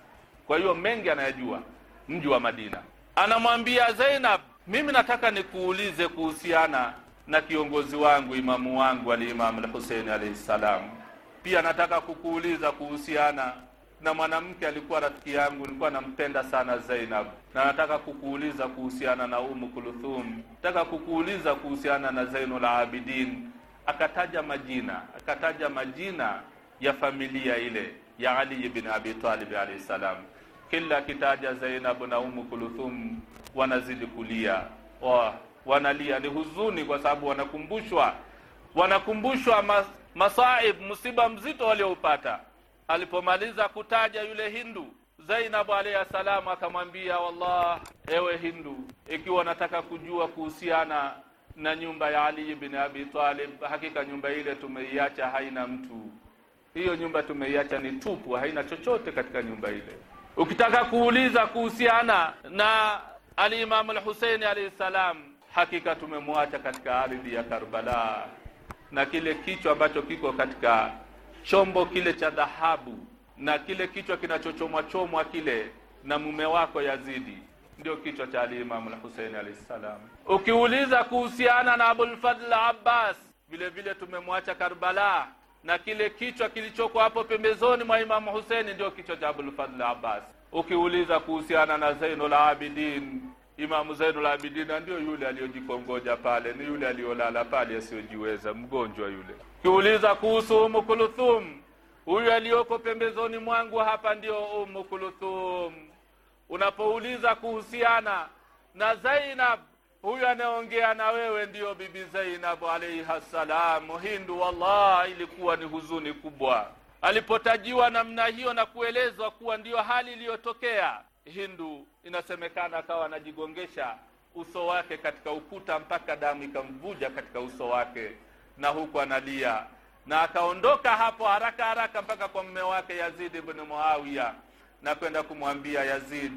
Kwa hiyo mengi anayajua mji wa Madina. Anamwambia Zainab, mimi nataka nikuulize kuhusiana na kiongozi wangu imamu wangu alimamu al-Husein alayhi Pia nataka kukuuliza kuhusiana na mwanamke alikuwa rafiki yangu, nilikuwa nampenda sana Zainab, na nataka kukuuliza kuhusiana na Umu Kulthum, nataka kukuuliza kuhusiana na Zainul Abidin. Akataja majina, akataja majina ya familia ile ya Ali ibn Abi Talib alayhi salam. Kila akitaja Zainab na Umu Kulthum wanazidi kulia, oh, wanalia, ni huzuni kwa sababu wanakumbushwa, wanakumbushwa mas, masaib, msiba mzito walioupata Alipomaliza kutaja yule Hindu, Zainabu alayhi salamu akamwambia, wallah, ewe Hindu, ikiwa nataka kujua kuhusiana na nyumba ya Ali ibn Abi Talib, hakika nyumba ile tumeiacha haina mtu. Hiyo nyumba tumeiacha ni tupu, haina chochote katika nyumba ile. Ukitaka kuuliza kuhusiana na Al-Imam Al-Hussein alayhi salam, hakika tumemwacha katika ardhi ya Karbala na kile kichwa ambacho kiko katika chombo kile cha dhahabu na kile kichwa kinachochomwa chomwa kile na mume wako Yazidi ndio kichwa cha Alimamu Al-Husaini alayhi salam. Ukiuliza kuhusiana na Abul Fadl Abbas, vile vile tumemwacha Karbala na kile kichwa kilichoko hapo pembezoni mwa Imamu huseini ndio kichwa cha Abul Fadl Abbas. Ukiuliza kuhusiana na Zainul Abidin, Imamu Zainul Abidin ndio yule aliyojikongoja pale, ni yule aliyolala pale asiyojiweza, mgonjwa yule kiuliza kuhusu Umu Kuluthum, huyu aliyoko pembezoni mwangu hapa ndio Umu Kuluthum. Unapouliza kuhusiana na Zainab, huyu anaongea na wewe ndiyo Bibi Zainab alaiha salam, Hindu. wallah ilikuwa ni huzuni kubwa alipotajiwa namna hiyo na kuelezwa kuwa ndiyo hali iliyotokea. Hindu inasemekana akawa anajigongesha uso wake katika ukuta mpaka damu ikamvuja katika uso wake na huku analia na akaondoka hapo haraka haraka mpaka kwa mme wake Yazid ibn Muawiya na kwenda kumwambia Yazid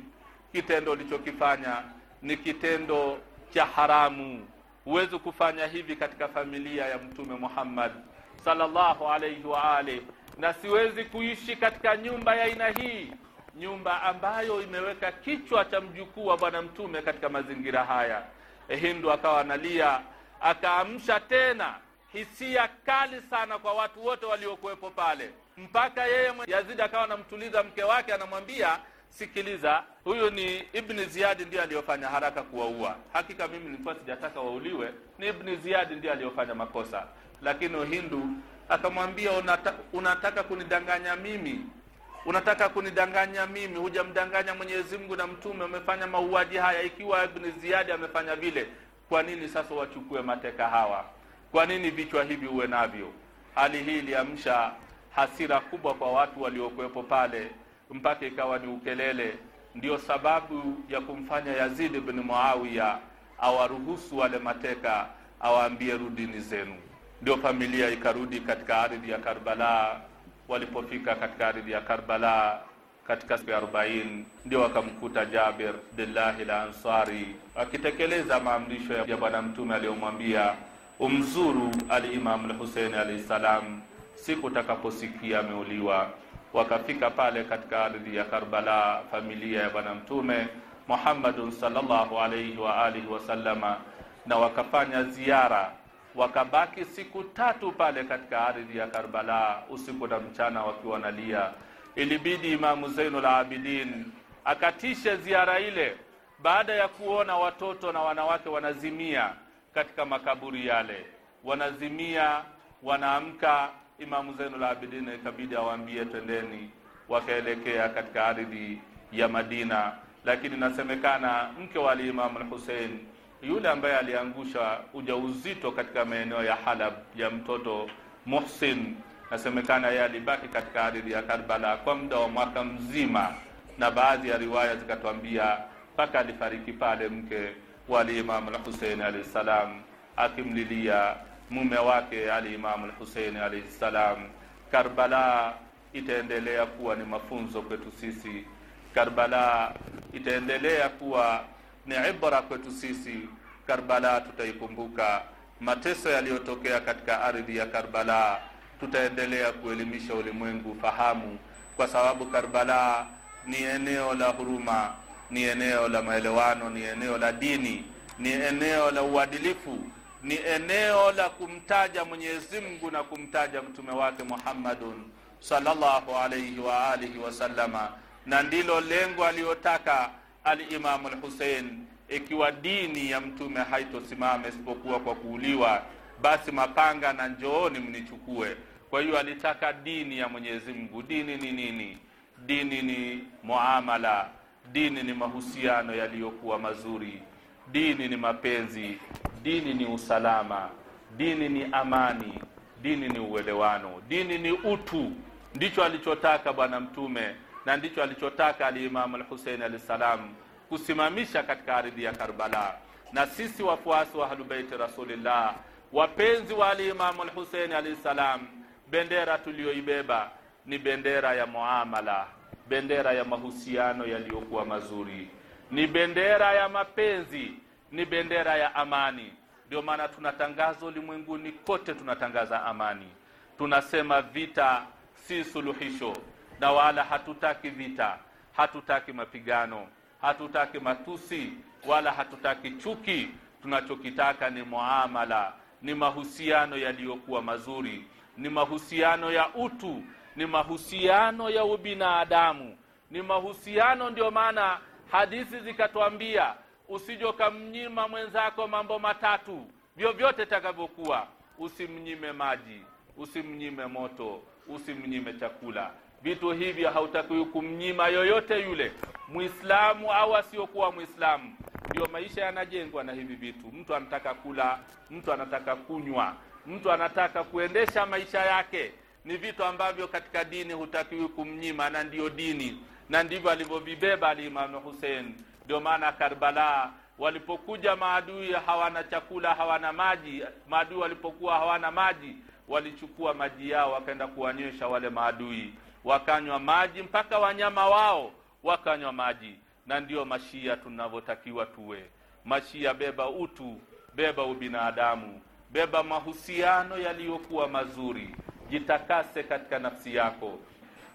kitendo ulichokifanya ni kitendo cha haramu huwezi kufanya hivi katika familia ya mtume Muhammad sallallahu alayhi wa ali na siwezi kuishi katika nyumba ya aina hii nyumba ambayo imeweka kichwa cha mjukuu wa bwana mtume katika mazingira haya Hindu akawa analia akaamsha tena hisia kali sana kwa watu wote waliokuwepo pale, mpaka yeye Yazidi akawa anamtuliza mke wake, anamwambia sikiliza, huyu ni Ibni Ziyadi ndio aliyofanya haraka kuwaua. Hakika mimi nilikuwa sijataka wauliwe, ni Ibni Ziyadi ndio aliyofanya makosa. Lakini Uhindu akamwambia unata, unataka kunidanganya mimi, unataka kunidanganya mimi, hujamdanganya Mwenyezi Mungu na mtume. Umefanya mauaji haya, ikiwa Ibni Ziyadi amefanya vile, kwa nini sasa wachukue mateka hawa? Kwa nini vichwa hivi uwe navyo? Hali hii iliamsha hasira kubwa kwa watu waliokuwepo pale, mpaka ikawa ni ukelele. Ndiyo sababu ya kumfanya yazidi bni Muawiya awaruhusu wale mateka, awaambie rudini zenu. Ndio familia ikarudi katika ardhi ya Karbala. Walipofika katika ardhi ya Karbala katika siku ya arobaini ndio wakamkuta Jabir Abdillahi la Ansari akitekeleza maamrisho ya Bwana Mtume aliyomwambia umzuru alimamu lhuseini alaihi salam siku takaposikia ameuliwa. Wakafika pale katika ardhi ya Karbala familia ya Bwana Mtume Muhammadun sallallahu alaihi wa alihi wasallama, na wakafanya ziara, wakabaki siku tatu pale katika ardhi ya Karbala usiku na mchana, wakiwa nalia. Ilibidi Imamu Zainul Abidin akatishe ziara ile baada ya kuona watoto na wanawake wanazimia katika makaburi yale, wanazimia, wanaamka. Imamu Zainul Abidin ikabidi awaambie twendeni, wakaelekea katika ardhi ya Madina. Lakini inasemekana mke wa Alimamu lhusein yule ambaye aliangusha ujauzito katika maeneo ya Halab ya mtoto Muhsin, nasemekana yeye alibaki katika ardhi ya Karbala kwa muda wa mwaka mzima, na baadhi ya riwaya zikatuambia mpaka alifariki pale mke walimamu Lhusein alaihi salam akimlilia mume wake alimamu Lhusein alaihi salam. Karbala itaendelea kuwa ni mafunzo kwetu sisi. Karbala itaendelea kuwa ni ibra kwetu sisi. Karbala tutaikumbuka. Mateso yaliyotokea katika ardhi ya Karbala tutaendelea kuelimisha ulimwengu fahamu, kwa sababu Karbala ni eneo la huruma ni eneo la maelewano, ni eneo la dini, ni eneo la uadilifu, ni eneo la kumtaja Mwenyezi Mungu na kumtaja mtume wake Muhammadun sallallahu alayhi wa alihi sallama, na ndilo lengo aliyotaka Alimamu Lhusein. Ikiwa dini ya mtume haitosimama isipokuwa kwa kuuliwa, basi mapanga na njooni mnichukue. Kwa hiyo alitaka dini ya Mwenyezi Mungu. Dini ni nini? Dini ni muamala Dini ni mahusiano yaliyokuwa mazuri, dini ni mapenzi, dini ni usalama, dini ni amani, dini ni uelewano, dini ni utu. Ndicho alichotaka Bwana Mtume na ndicho alichotaka Alimamu Alhusein alaihis ssalam kusimamisha katika ardhi ya Karbala. Na sisi wafuasi wa Ahlubeiti Rasulillah, wapenzi wa Alimamu Alhusein alahi ssalam bendera tuliyoibeba ni bendera ya muamala bendera ya mahusiano yaliyokuwa mazuri, ni bendera ya mapenzi, ni bendera ya amani. Ndio maana tunatangaza ulimwenguni kote, tunatangaza amani, tunasema vita si suluhisho, na wala hatutaki vita, hatutaki mapigano, hatutaki matusi, wala hatutaki chuki. Tunachokitaka ni muamala, ni mahusiano yaliyokuwa mazuri, ni mahusiano ya utu ni mahusiano ya ubinadamu, ni mahusiano. Ndio maana hadithi zikatwambia usijokamnyima mwenzako mambo matatu, vyovyote takavyokuwa Usimnyime maji, usimnyime moto, usimnyime chakula. Vitu hivyo hautakiwi kumnyima yoyote yule, Muislamu au asiyokuwa Muislamu. Ndio maisha yanajengwa na hivi vitu. Mtu anataka kula, mtu anataka kunywa, mtu anataka kuendesha maisha yake ni vitu ambavyo katika dini hutakiwi kumnyima na ndiyo dini na ndivyo alivyovibeba alimamu Husein. ndio maana Karbala walipokuja maadui hawana chakula hawana maji maadui walipokuwa hawana maji walichukua maji yao wakaenda kuwanywesha wale maadui wakanywa maji mpaka wanyama wao wakanywa maji na ndiyo mashia tunavyotakiwa tuwe mashia beba utu beba ubinadamu beba mahusiano yaliyokuwa mazuri jitakase katika nafsi yako.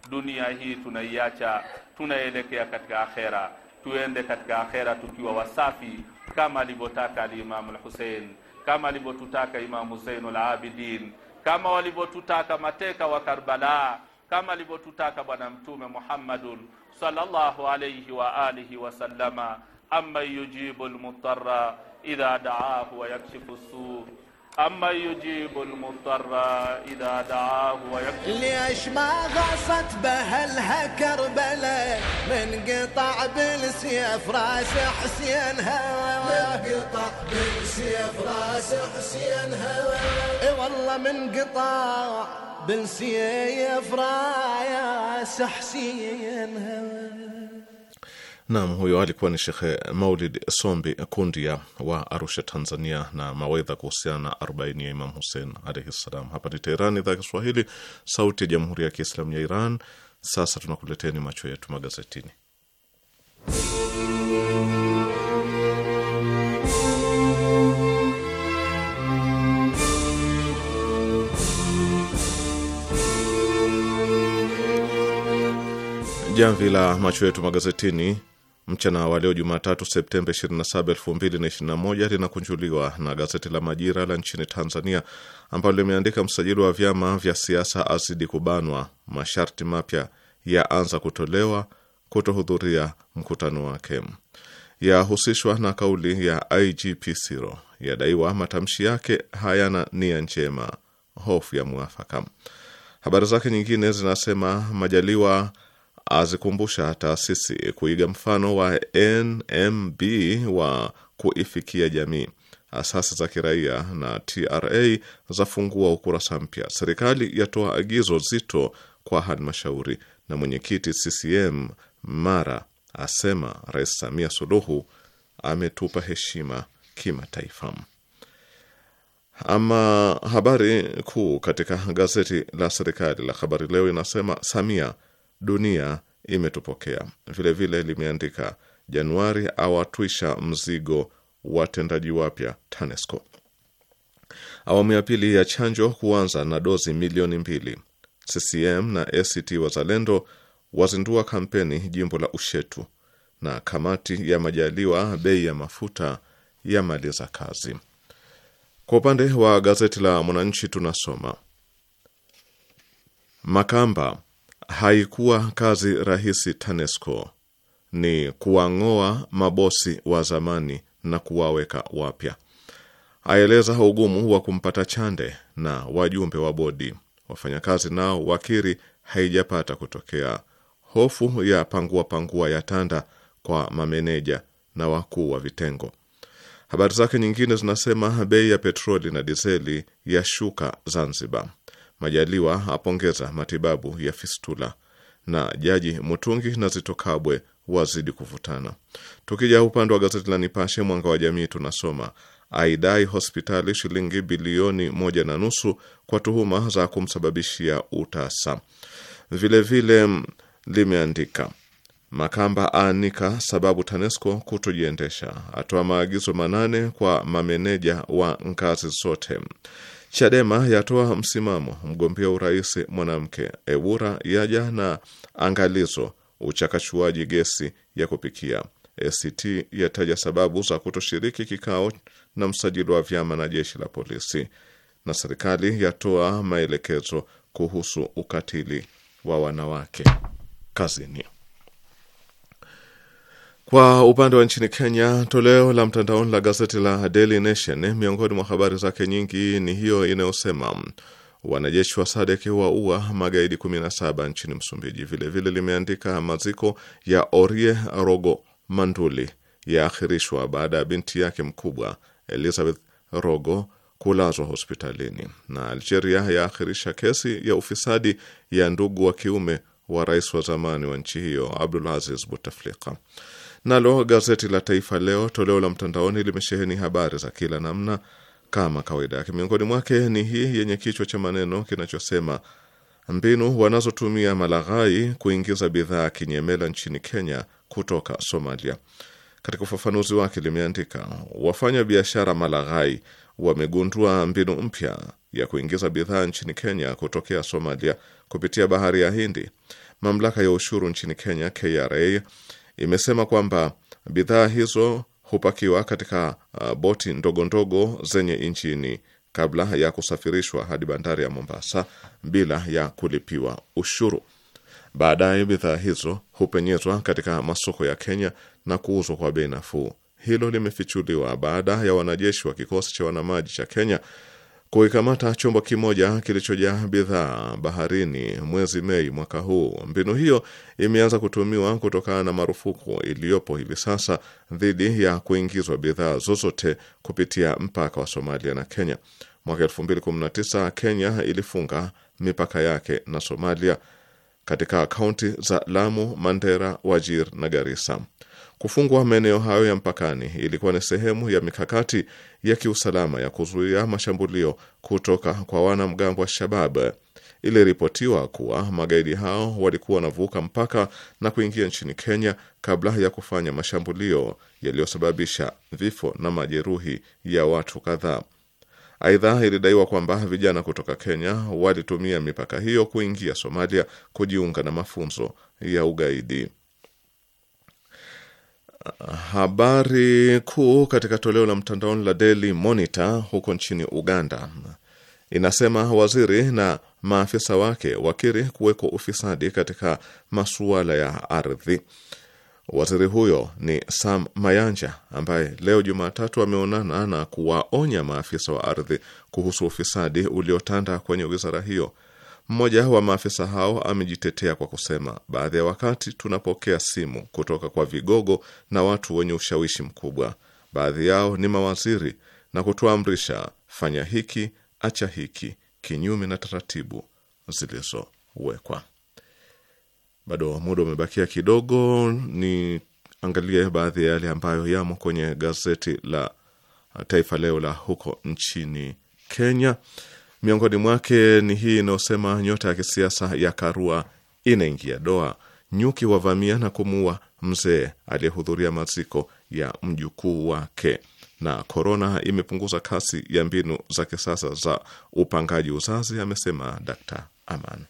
Dunia hii tunaiacha, tunaelekea katika akhera. Tuende katika akhera tukiwa wasafi kama alivyotaka alimamu Alhusein, kama alivyotutaka Imamu Zainul Abidin, kama walivyotutaka mateka wa Karbala, kama alivyotutaka Bwana Mtume Muhammadun sallallahu alayhi wa alihi wa sallama, amma yujibu lmutara idha daahu wa yakshifu suu أما يجيب المضطر إذا دعاه ويكتب ليش ما غصت به الهكربلة من قطع بالسيف راس حسين هوا من قطع بالسيف راس حسين هوا والله من قطع بالسيف راس حسين هوا Nam, huyo alikuwa ni Shekhe Maulid Sombi Kundia wa Arusha, Tanzania, na mawaidha kuhusiana na arobaini ya Imam Husein alaihi ssalam. Hapa ni Teheran, idhaa ya Kiswahili, sauti ya jamhuri ya kiislamu ya Iran. Sasa tunakuleteni macho yetu magazetini. Jamvi la macho yetu magazetini mchana wa leo Jumatatu Septemba 27, 2021 linakunjuliwa na gazeti la Majira la nchini Tanzania ambalo limeandika msajili wa vyama vya siasa azidi kubanwa, masharti mapya yaanza kutolewa kutohudhuria mkutano wake, yahusishwa na kauli ya IGP Siro, yadaiwa matamshi yake hayana nia njema, hofu ya mwafaka. Habari zake nyingine zinasema Majaliwa azikumbusha taasisi kuiga mfano wa NMB wa kuifikia jamii. Asasi za kiraia na TRA zafungua ukurasa mpya. Serikali yatoa agizo zito kwa halmashauri, na mwenyekiti CCM Mara asema Rais Samia Suluhu ametupa heshima kimataifa. Ama habari kuu katika gazeti la serikali la Habari Leo inasema Samia dunia imetupokea. Vilevile limeandika Januari awatwisha mzigo watendaji wapya TANESCO. Awamu ya pili ya chanjo kuanza na dozi milioni mbili. CCM na ACT Wazalendo wazindua kampeni jimbo la Ushetu, na kamati ya Majaliwa bei ya mafuta yamaliza kazi. Kwa upande wa gazeti la Mwananchi tunasoma Makamba haikuwa kazi rahisi TANESCO ni kuwang'oa mabosi wa zamani na kuwaweka wapya. Aeleza ugumu wa kumpata Chande na wajumbe wa bodi. Wafanyakazi nao wakiri haijapata kutokea. Hofu ya pangua pangua ya tanda kwa mameneja na wakuu wa vitengo. Habari zake nyingine zinasema bei ya petroli na dizeli ya shuka Zanzibar. Majaliwa apongeza matibabu ya fistula na Jaji Mutungi na Zito Kabwe wazidi kuvutana. Tukija upande wa gazeti la Nipashe Mwanga wa Jamii tunasoma aidai hospitali shilingi bilioni moja na nusu kwa tuhuma za kumsababishia utasa. Vilevile mm, limeandika Makamba aanika sababu TANESCO kutojiendesha, atoa maagizo manane kwa mameneja wa ngazi zote. Chadema yatoa msimamo mgombea urais mwanamke. Ewura yaja na angalizo uchakachuaji gesi ya kupikia. ACT yataja sababu za kutoshiriki kikao na msajili wa vyama na jeshi la polisi. Na serikali yatoa maelekezo kuhusu ukatili wa wanawake kazini. Kwa upande wa nchini Kenya, toleo la mtandaoni la gazeti la Daily Nation, miongoni mwa habari zake nyingi ni hiyo inayosema wanajeshi wa SADC waua magaidi 17 nchini Msumbiji. Vilevile limeandika maziko ya Orie Rogo Manduli yaakhirishwa baada ya binti yake mkubwa Elizabeth Rogo kulazwa hospitalini, na Algeria yaakhirisha kesi ya ufisadi ya ndugu wa kiume wa rais wa zamani wa nchi hiyo Abdulaziz Buteflika. Nalo gazeti la Taifa Leo toleo la mtandaoni limesheheni habari za kila namna kama kawaida yake. Miongoni mwake ni hii yenye kichwa cha maneno kinachosema mbinu wanazotumia malaghai kuingiza bidhaa kinyemela nchini Kenya kutoka Somalia. Katika ufafanuzi wake limeandika, wafanya biashara malaghai wamegundua mbinu mpya ya kuingiza bidhaa nchini Kenya kutokea Somalia kupitia bahari ya Hindi. Mamlaka ya ushuru nchini Kenya KRA imesema kwamba bidhaa hizo hupakiwa katika uh, boti ndogo ndogo zenye injini kabla ya kusafirishwa hadi bandari ya Mombasa bila ya kulipiwa ushuru. Baadaye bidhaa hizo hupenyezwa katika masoko ya Kenya na kuuzwa kwa bei nafuu. Hilo limefichuliwa baada ya wanajeshi wa kikosi cha wanamaji cha Kenya kuikamata chombo kimoja kilichojaa bidhaa baharini mwezi Mei mwaka huu. Mbinu hiyo imeanza kutumiwa kutokana na marufuku iliyopo hivi sasa dhidi ya kuingizwa bidhaa zozote kupitia mpaka wa Somalia na Kenya. Mwaka tisa Kenya ilifunga mipaka yake na Somalia katika kaunti za Lamu, Mandera, Wajir na Garissa. Kufungwa maeneo hayo ya mpakani ilikuwa ni sehemu ya mikakati ya kiusalama ya kuzuia mashambulio kutoka kwa wanamgambo wa Shabab. Iliripotiwa kuwa magaidi hao walikuwa wanavuka mpaka na kuingia nchini Kenya kabla ya kufanya mashambulio yaliyosababisha vifo na majeruhi ya watu kadhaa. Aidha, ilidaiwa kwamba vijana kutoka Kenya walitumia mipaka hiyo kuingia Somalia kujiunga na mafunzo ya ugaidi habari kuu katika toleo la mtandaoni la Daily Monitor huko nchini Uganda inasema waziri na maafisa wake wakiri kuweko ufisadi katika masuala ya ardhi. Waziri huyo ni Sam Mayanja ambaye leo Jumatatu ameonana na kuwaonya maafisa wa ardhi kuhusu ufisadi uliotanda kwenye wizara hiyo. Mmoja wa maafisa hao amejitetea kwa kusema, baadhi ya wakati tunapokea simu kutoka kwa vigogo na watu wenye ushawishi mkubwa, baadhi yao ni mawaziri, na kutuamrisha fanya hiki, acha hiki, kinyume na taratibu zilizowekwa. Bado muda umebakia kidogo, ni angalie baadhi ya yale ambayo yamo kwenye gazeti la Taifa Leo la huko nchini Kenya. Miongoni mwake ni hii inayosema nyota ya kisiasa ya Karua inaingia doa, nyuki wavamia na kumuua mzee aliyehudhuria maziko ya mjukuu wake, na korona imepunguza kasi ya mbinu za kisasa za upangaji uzazi, amesema Dkt. Aman.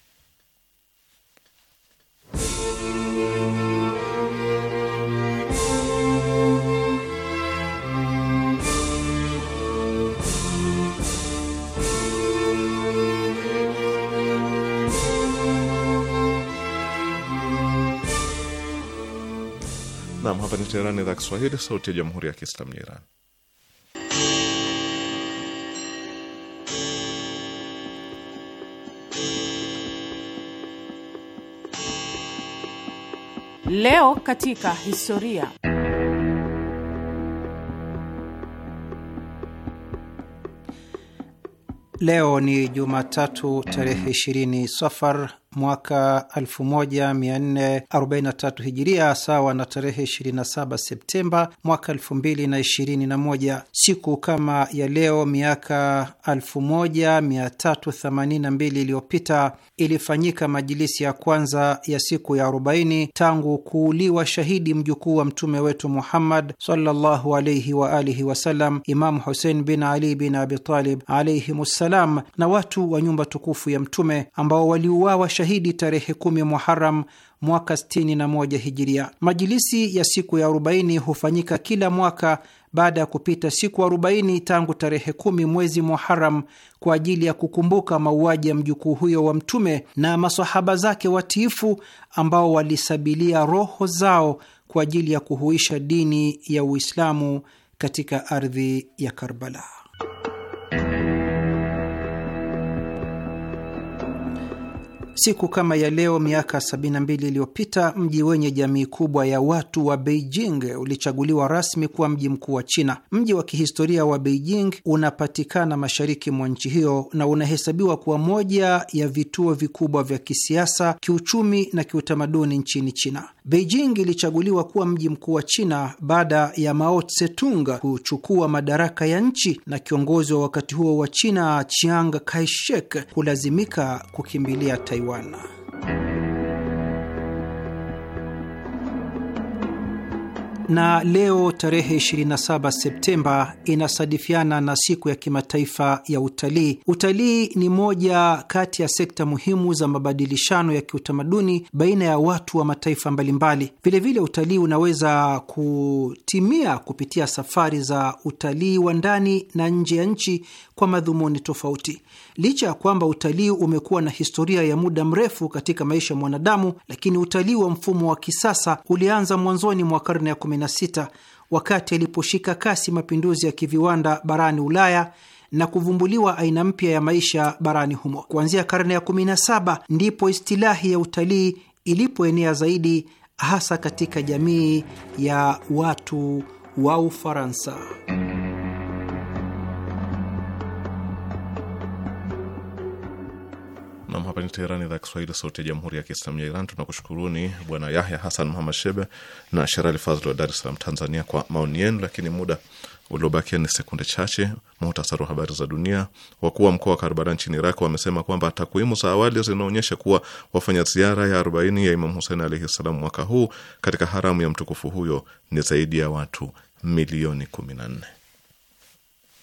Naam, hapa ni Teheran, idhaa Kiswahili, sauti ya jamhuri ya kiislamu ya Iran. Leo katika historia. Leo ni Jumatatu tarehe 20 Safar mwaka 1443 hijiria sawa na tarehe 27 Septemba mwaka 2021. Siku kama ya leo miaka 1382 iliyopita ilifanyika majilisi ya kwanza ya siku ya 40 tangu kuuliwa shahidi mjukuu wa mtume wetu Muhammad sallallahu alayhi wa alihi wasallam, Imamu Husein bin Ali bin abitalib Talib na watu wa nyumba tukufu ya mtume ambao waliuawa shahidi tarehe kumi Muharam mwaka 61 Hijiria. Majilisi ya siku ya 40 hufanyika kila mwaka baada ya kupita siku 40 tangu tarehe kumi mwezi Muharam kwa ajili ya kukumbuka mauaji ya mjukuu huyo wa Mtume na masahaba zake watiifu ambao walisabilia roho zao kwa ajili ya kuhuisha dini ya Uislamu katika ardhi ya Karbala. Siku kama ya leo miaka 72 iliyopita mji wenye jamii kubwa ya watu wa Beijing ulichaguliwa rasmi kuwa mji mkuu wa China. Mji wa kihistoria wa Beijing unapatikana mashariki mwa nchi hiyo na unahesabiwa kuwa moja ya vituo vikubwa vya kisiasa, kiuchumi na kiutamaduni nchini China. Beijing ilichaguliwa kuwa mji mkuu wa China baada ya Mao Tse-tung kuchukua madaraka ya nchi na kiongozi wa wakati huo wa China Chiang Kai-shek kulazimika kukimbilia Taiwan. Bwana. Na leo tarehe 27 Septemba inasadifiana na siku ya kimataifa ya utalii. Utalii ni moja kati ya sekta muhimu za mabadilishano ya kiutamaduni baina ya watu wa mataifa mbalimbali. Vilevile, utalii unaweza kutimia kupitia safari za utalii wa ndani na nje ya nchi kwa madhumuni tofauti. Licha ya kwamba utalii umekuwa na historia ya muda mrefu katika maisha ya mwanadamu, lakini utalii wa mfumo wa kisasa ulianza mwanzoni mwa karne ya 16 wakati aliposhika kasi mapinduzi ya kiviwanda barani Ulaya na kuvumbuliwa aina mpya ya maisha barani humo. Kuanzia karne ya 17 ndipo istilahi ya utalii ilipoenea zaidi, hasa katika jamii ya watu wa Ufaransa. Nam, hapa ni Teherani, idhaa Kiswahili, sauti ya jamhuri ya kiislamu ya Iran. Tunakushukuruni Bwana Yahya Hasan Muhamad Shebe na Sherali Fazl wa Dar es Salaam, Tanzania, kwa maoni yenu, lakini muda uliobakia ni sekunde chache. Muhtasari wa habari za dunia. Wakuu wa mkoa wa Karbala nchini Iraq wamesema kwamba takwimu za awali zinaonyesha kuwa wafanya ziara ya 40 ya Imam Husein alaihi ssalam mwaka huu katika haramu ya mtukufu huyo ni zaidi ya watu milioni 14.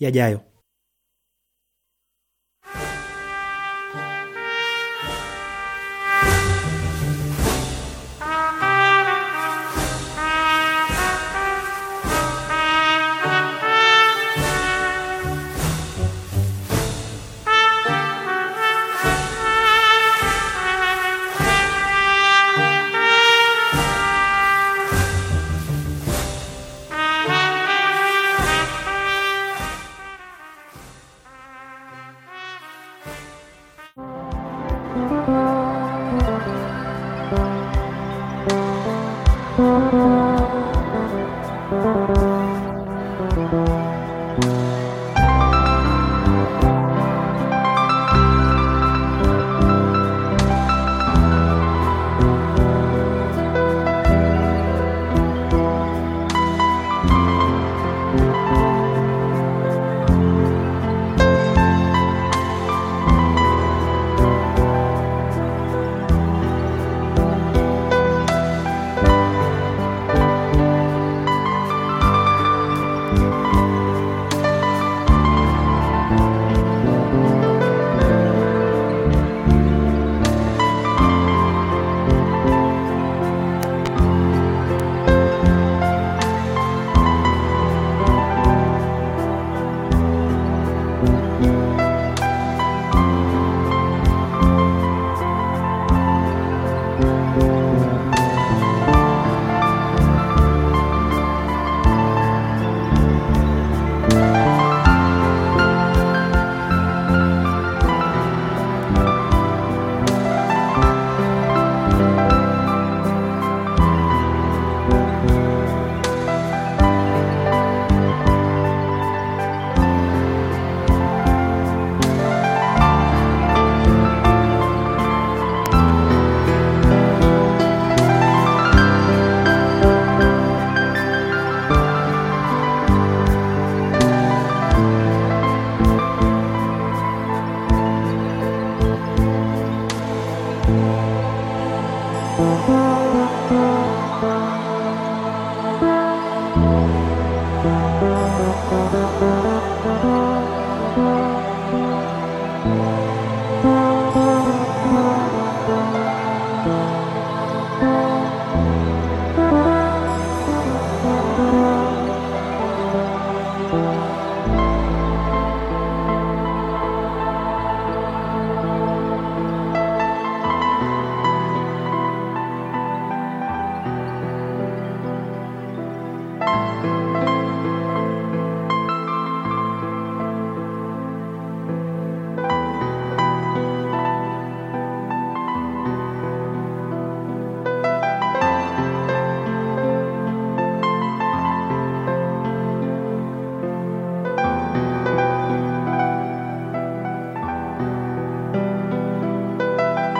yajayo.